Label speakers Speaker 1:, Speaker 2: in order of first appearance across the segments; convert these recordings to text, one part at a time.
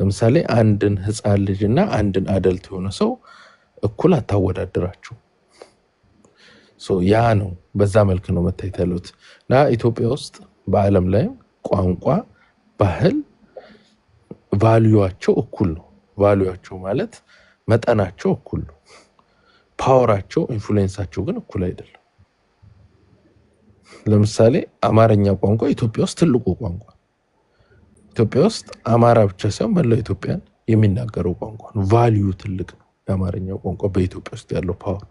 Speaker 1: ለምሳሌ አንድን ህፃን ልጅ እና አንድን አደልት የሆነ ሰው እኩል አታወዳድራቸው። ያ ነው፣ በዛ መልክ ነው መታየት ያለት እና ኢትዮጵያ ውስጥ በዓለም ላይም ቋንቋ፣ ባህል ቫሊዩቸው እኩል ነው። ቫሉዋቸው ማለት መጠናቸው እኩል ነው። ፓወራቸው፣ ኢንፍሉዌንሳቸው ግን እኩል አይደለም። ለምሳሌ አማርኛ ቋንቋ ኢትዮጵያ ውስጥ ትልቁ ቋንቋ ኢትዮጵያ ውስጥ አማራ ብቻ ሳይሆን መላው ኢትዮጵያን የሚናገረው ቋንቋ ነው። ቫሊዩ ትልቅ ነው። የአማርኛው ቋንቋ በኢትዮጵያ ውስጥ ያለው ፓወር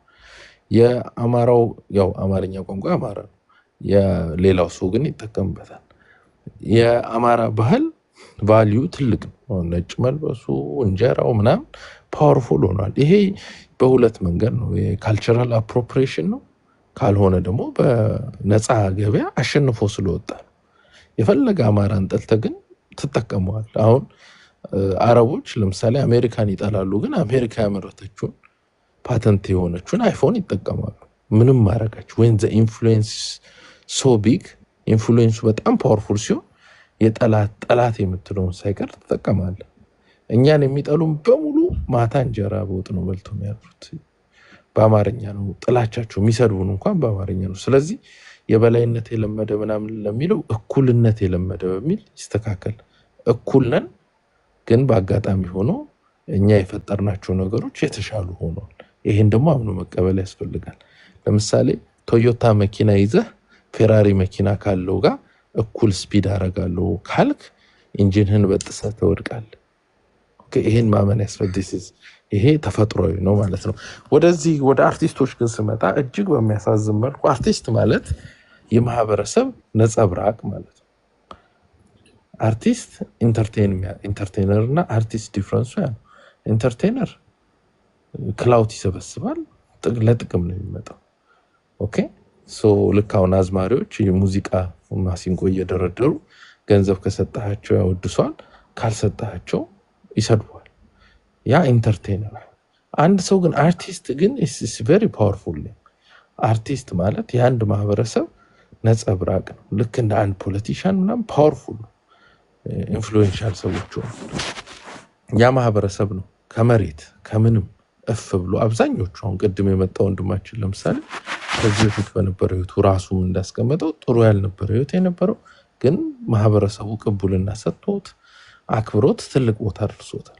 Speaker 1: የአማራው ያው አማርኛ ቋንቋ አማራ ነው። የሌላው ሰው ግን ይጠቀምበታል። የአማራ ባህል ቫሊዩ ትልቅ ነው። ነጭ መልበሱ፣ እንጀራው ምናምን ፓወርፉል ሆኗል። ይሄ በሁለት መንገድ ነው። የካልቸራል አፕሮፕሬሽን ነው፣ ካልሆነ ደግሞ በነፃ ገበያ አሸንፎ ስለወጣ ነው። የፈለገ አማራን ጠልተ ግን ትጠቀመዋል። አሁን አረቦች ለምሳሌ አሜሪካን ይጠላሉ፣ ግን አሜሪካ ያመረተችውን ፓተንት የሆነችውን አይፎን ይጠቀማሉ። ምንም ማድረጋች ወይም ዘ ኢንፍሉዌንስ ሶ ቢግ ኢንፍሉዌንሱ በጣም ፓወርፉል ሲሆን የጠላት ጠላት የምትለውን ሳይቀር ትጠቀማለ። እኛን የሚጠሉም በሙሉ ማታ እንጀራ በወጥ ነው በልቶ የሚያድሩት። በአማርኛ ነው ጥላቻቸው። የሚሰድቡን እንኳን በአማርኛ ነው። ስለዚህ የበላይነት የለመደ ምናምን ለሚለው እኩልነት የለመደ በሚል ይስተካከል። እኩል ነን፣ ግን በአጋጣሚ ሆኖ እኛ የፈጠርናቸው ነገሮች የተሻሉ ሆኗል። ይህን ደግሞ አምኖ መቀበል ያስፈልጋል። ለምሳሌ ቶዮታ መኪና ይዘህ ፌራሪ መኪና ካለው ጋር እኩል ስፒድ አረጋለሁ ካልክ ኢንጂንህን በጥሰ ትወድቃለህ። ይህን ማመን ያስፈልጋል። ይሄ ተፈጥሯዊ ነው ማለት ነው። ወደዚህ ወደ አርቲስቶች ግን ስመጣ እጅግ በሚያሳዝን መልኩ አርቲስት ማለት የማህበረሰብ ነጸብራቅ ማለት አርቲስት ኢንተርቴነር እና አርቲስት ዲፍረንሱ ያ ነው። ኢንተርቴነር ክላውት ይሰበስባል፣ ለጥቅም ነው የሚመጣው። ኦኬ ሶ ልክ አሁን አዝማሪዎች የሙዚቃ ማሲንቆ እየደረደሩ ገንዘብ ከሰጣቸው ያወድሷል፣ ካልሰጣቸው ይሰድቧል። ያ ኢንተርቴነር። አንድ ሰው ግን አርቲስት ግን ኢስ ቬሪ ፓወርፉል። አርቲስት ማለት የአንድ ማህበረሰብ ነጸብራቅ ነው። ልክ እንደ አንድ ፖለቲሽያን ምናምን ፓወርፉል ነው። ኢንፍሉዌንሻል ሰዎች ሆኑ። ያ ማህበረሰብ ነው ከመሬት ከምንም እፍ ብሎ አብዛኞቹ አሁን ቅድም የመጣ ወንድማችን ለምሳሌ ከዚህ በፊት በነበረ ህይወቱ ራሱ እንዳስቀመጠው ጥሩ ያልነበረ ህይወት የነበረው ግን ማህበረሰቡ ቅቡልና ሰጥቶት አክብሮት ትልቅ ቦታ ደርሶታል።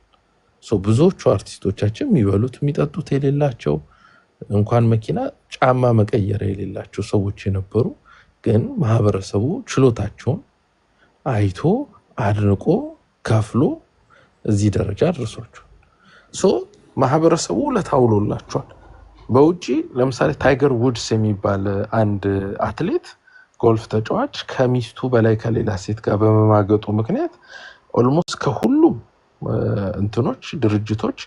Speaker 1: ብዙዎቹ አርቲስቶቻችን የሚበሉት የሚጠጡት የሌላቸው እንኳን መኪና ጫማ መቀየር የሌላቸው ሰዎች የነበሩ ግን ማህበረሰቡ ችሎታቸውን አይቶ አድንቆ ከፍሎ እዚህ ደረጃ አድርሷቸው ማህበረሰቡ ለታውሎላቸዋል። በውጭ ለምሳሌ ታይገር ውድስ የሚባል አንድ አትሌት ጎልፍ ተጫዋች ከሚስቱ በላይ ከሌላ ሴት ጋር በመማገጡ ምክንያት ኦልሞስት ከሁሉም እንትኖች ድርጅቶች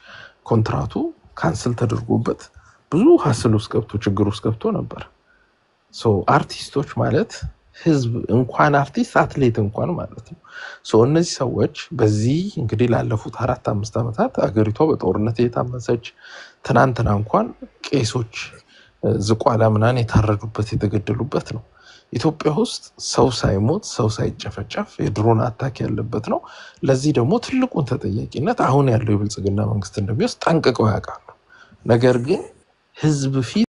Speaker 1: ኮንትራቱ ካንስል ተደርጎበት ብዙ ሀስል ውስጥ ገብቶ ችግር ውስጥ ገብቶ ነበር። አርቲስቶች ማለት ህዝብ እንኳን አርቲስት አትሌት እንኳን ማለት ነው። እነዚህ ሰዎች በዚህ እንግዲህ ላለፉት አራት አምስት ዓመታት አገሪቷ በጦርነት የታመሰች ትናንትና እንኳን ቄሶች ዝቋላ ምናን የታረዱበት የተገደሉበት ነው። ኢትዮጵያ ውስጥ ሰው ሳይሞት ሰው ሳይጨፈጨፍ የድሮን አታክ ያለበት ነው። ለዚህ ደግሞ ትልቁን ተጠያቂነት አሁን ያለው የብልጽግና መንግስት እንደሚወስድ ጠንቅቀው ያውቃሉ። ነገር ግን ህዝብ ፊት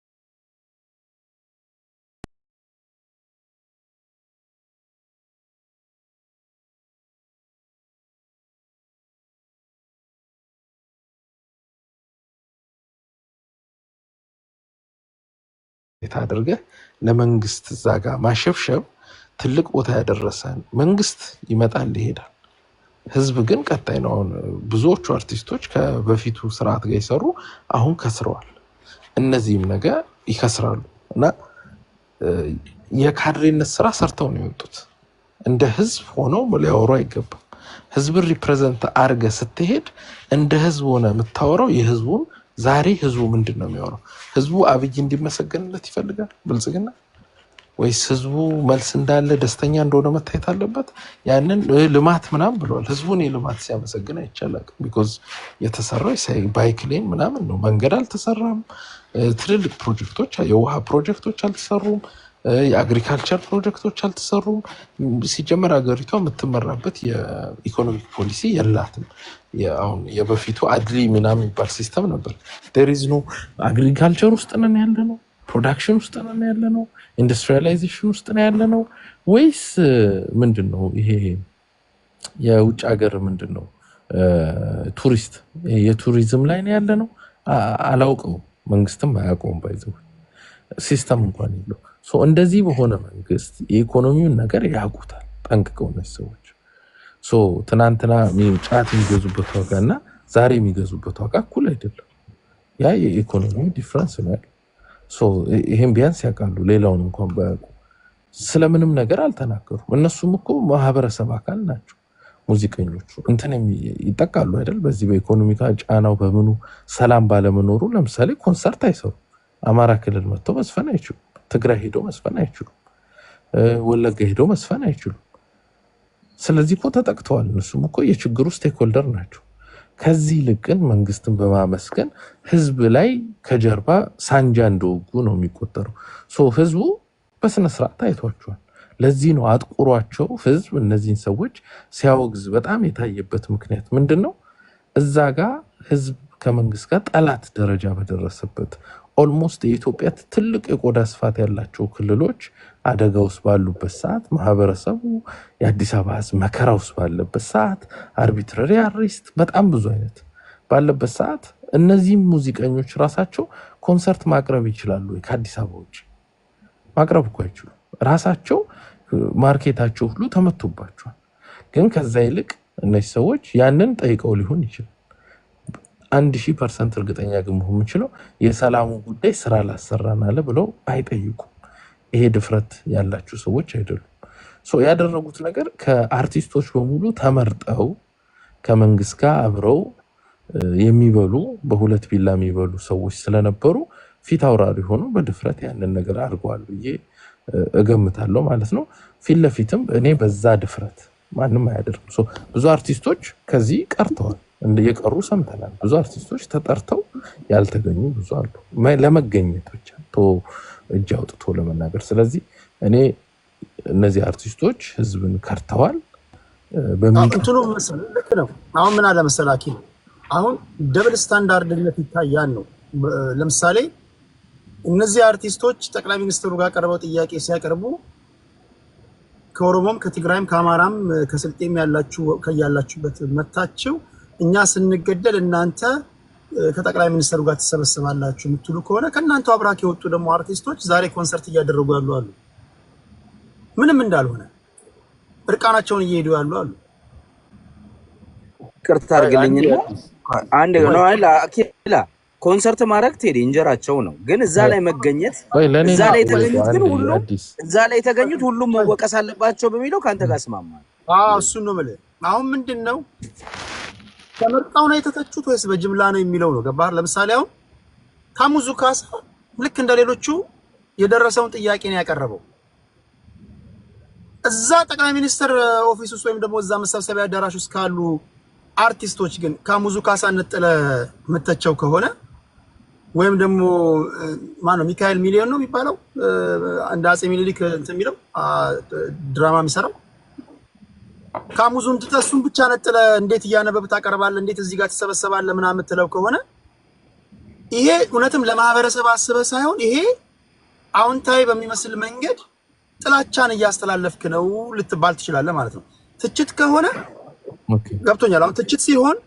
Speaker 1: ቤት አድርገህ ለመንግስት እዛ ጋር ማሸብሸብ ትልቅ ቦታ ያደረሰን መንግስት ይመጣል ይሄዳል። ህዝብ ግን ቀጣይ ነው። አሁን ብዙዎቹ አርቲስቶች ከበፊቱ ስርዓት ጋር ይሰሩ አሁን ከስረዋል። እነዚህም ነገር ይከስራሉ እና የካድሬነት ስራ ሰርተው ነው የወጡት። እንደ ህዝብ ሆነው ሊያወሩ አይገባም። ህዝብን ሪፕሬዘንት አድርገህ ስትሄድ እንደ ህዝብ ሆነ የምታወራው የህዝቡን ዛሬ ህዝቡ ምንድን ነው የሚሆነው? ህዝቡ አብይ እንዲመሰገንለት ይፈልጋል ብልጽግና ወይስ ህዝቡ መልስ እንዳለ ደስተኛ እንደሆነ መታየት አለበት። ያንን ልማት ምናምን ብለዋል። ህዝቡን የልማት ሲያመሰግን አይቻላል። ቢኮዝ የተሰራው ባይክሌን ምናምን ነው። መንገድ አልተሰራም። ትልልቅ ፕሮጀክቶች፣ የውሃ ፕሮጀክቶች አልተሰሩም። የአግሪካልቸር ፕሮጀክቶች አልተሰሩም። ሲጀመር ሀገሪቷ የምትመራበት የኢኮኖሚክ ፖሊሲ የላትም። አሁን የበፊቱ አድሊ ምና የሚባል ሲስተም ነበር። ሪዝ ኖ አግሪካልቸር ውስጥ ነን ያለ ነው፣ ፕሮዳክሽን ውስጥ ነን ያለ ነው፣ ኢንዱስትሪላይዜሽን ውስጥ ነው ያለ ነው ወይስ ምንድን ነው ይሄ የውጭ ሀገር ምንድን ነው ቱሪስት የቱሪዝም ላይ ነው ያለ ነው? አላውቀው መንግስትም አያውቀውም ባይዘው ሲስተም እንኳን የለው። እንደዚህ በሆነ መንግስት የኢኮኖሚውን ነገር ያውቁታል ጠንቅቀው ነች ሰዎች። ትናንትና ጫት የሚገዙበት ዋጋ እና ዛሬ የሚገዙበት ዋጋ እኩል አይደለም። ያ የኢኮኖሚ ዲፍረንስ ነው ያለው። ይህም ቢያንስ ያውቃሉ። ሌላውን እንኳን ባያውቁ ስለምንም ነገር አልተናገሩም። እነሱም እኮ ማህበረሰብ አካል ናቸው። ሙዚቀኞቹ እንትን ይጠቃሉ አይደል? በዚህ በኢኮኖሚካ ጫናው በምኑ ሰላም ባለመኖሩ ለምሳሌ ኮንሰርት አይሰሩ አማራ ክልል መጥቶ መስፈን አይችሉም። ትግራይ ሄዶ መስፈን አይችሉም። ወለጋ ሄዶ መስፈን አይችሉም። ስለዚህ እኮ ተጠቅተዋል። እነሱም እኮ የችግሩ ስቴክሆልደር ናቸው። ከዚህ ይልቅን መንግስትን በማመስገን ህዝብ ላይ ከጀርባ ሳንጃ እንደወጉ ነው የሚቆጠረው። ህዝቡ በስነስርዓት አይቷቸዋል። ለዚህ ነው አጥቁሯቸው ህዝብ እነዚህን ሰዎች ሲያወግዝ በጣም የታየበት ምክንያት ምንድን ነው? እዛ ጋር ህዝብ ከመንግስት ጋር ጠላት ደረጃ በደረሰበት ኦልሞስት የኢትዮጵያ ትልቅ የቆዳ ስፋት ያላቸው ክልሎች አደጋ ውስጥ ባሉበት ሰዓት ማህበረሰቡ የአዲስ አበባ ህዝብ መከራ ውስጥ ባለበት ሰዓት አርቢትራሪ አሬስት በጣም ብዙ አይነት ባለበት ሰዓት እነዚህም ሙዚቀኞች ራሳቸው ኮንሰርት ማቅረብ ይችላሉ ወይ? ከአዲስ አበባ ውጭ ማቅረብ እኮ አይችሉም። ራሳቸው ማርኬታቸው ሁሉ ተመቶባቸዋል። ግን ከዛ ይልቅ እነዚህ ሰዎች ያንን ጠይቀው ሊሆን ይችላል። አንድ ሺህ ፐርሰንት እርግጠኛ ግን መሆን የምችለው የሰላሙ ጉዳይ ስራ አላሰራን አለ ብለው አይጠይቁም። ይሄ ድፍረት ያላችሁ ሰዎች አይደሉም። ያደረጉት ነገር ከአርቲስቶች በሙሉ ተመርጠው ከመንግስት ጋር አብረው የሚበሉ በሁለት ቢላ የሚበሉ ሰዎች ስለነበሩ ፊት አውራሪ ሆኑ በድፍረት ያንን ነገር አድርገዋል ብዬ እገምታለሁ ማለት ነው። ፊት ለፊትም እኔ በዛ ድፍረት ማንም አያደርግም። ብዙ አርቲስቶች ከዚህ ቀርተዋል። እየቀሩ ሰምተናል። ብዙ አርቲስቶች ተጠርተው ያልተገኙ ብዙ አሉ። ለመገኘት ብቻ እጅ አውጥቶ ለመናገር። ስለዚህ እኔ እነዚህ አርቲስቶች ህዝብን ከርተዋል። በሚትሉ ልክ ነው። አሁን ምን አለ መሰላኪ አሁን ደብል ስታንዳርድነት ይታያል ነው። ለምሳሌ እነዚህ አርቲስቶች ጠቅላይ ሚኒስትሩ ጋር ቀርበው ጥያቄ ሲያቀርቡ ከኦሮሞም ከትግራይም ከአማራም ከስልጤም ያላችሁ ከያላችሁበት መታችሁ እኛ ስንገደል እናንተ ከጠቅላይ ሚኒስትሩ ጋር ትሰበስባላችሁ የምትሉ ከሆነ ከእናንተ አብራክ የወጡ ደግሞ አርቲስቶች ዛሬ ኮንሰርት እያደረጉ ያሉ አሉ። ምንም እንዳልሆነ እርቃናቸውን እየሄዱ ያሉ አሉ። ቅርታ አድርግልኝና አንድ ነው ኮንሰርት ማድረግ ቴዲ እንጀራቸው ነው። ግን እዛ ላይ መገኘት እዛ ላይ የተገኙት ግን ሁሉ እዛ ላይ የተገኙት ሁሉም መወቀስ አለባቸው በሚለው ከአንተ ጋር ስማማል። እሱን ነው የምልህ። አሁን ምንድን ነው ተመርጠው ነው የተተቹት ወይስ በጅምላ ነው የሚለው ነው። ገባህ? ለምሳሌ አሁን ታሙዙ ካሳ ልክ እንደ ሌሎቹ የደረሰውን ጥያቄ ነው ያቀረበው። እዛ ጠቅላይ ሚኒስትር ኦፊስ ውስጥ ወይም ደግሞ እዛ መሰብሰቢያ አዳራሽ ውስጥ ካሉ አርቲስቶች ግን ካሙዙ ካሳ እንጥለ መተቸው ከሆነ ወይም ደግሞ ማነው ሚካኤል ሚሊዮን ነው የሚባለው እንደ አጼ ሚኒሊክ እንትን የሚለው ድራማ የሚሰራው ካሙዙን ትተሱን ብቻ ነጥለ እንዴት እያነበብ ታቀርባለ፣ እንዴት እዚህ ጋር ትሰበሰባለ ምናምን የምትለው ከሆነ ይሄ እውነትም ለማህበረሰብ አስበ ሳይሆን ይሄ አዎንታዊ በሚመስል መንገድ ጥላቻን እያስተላለፍክ ነው ልትባል ትችላለ ማለት ነው። ትችት ከሆነ ገብቶኛል። አሁን ትችት ሲሆን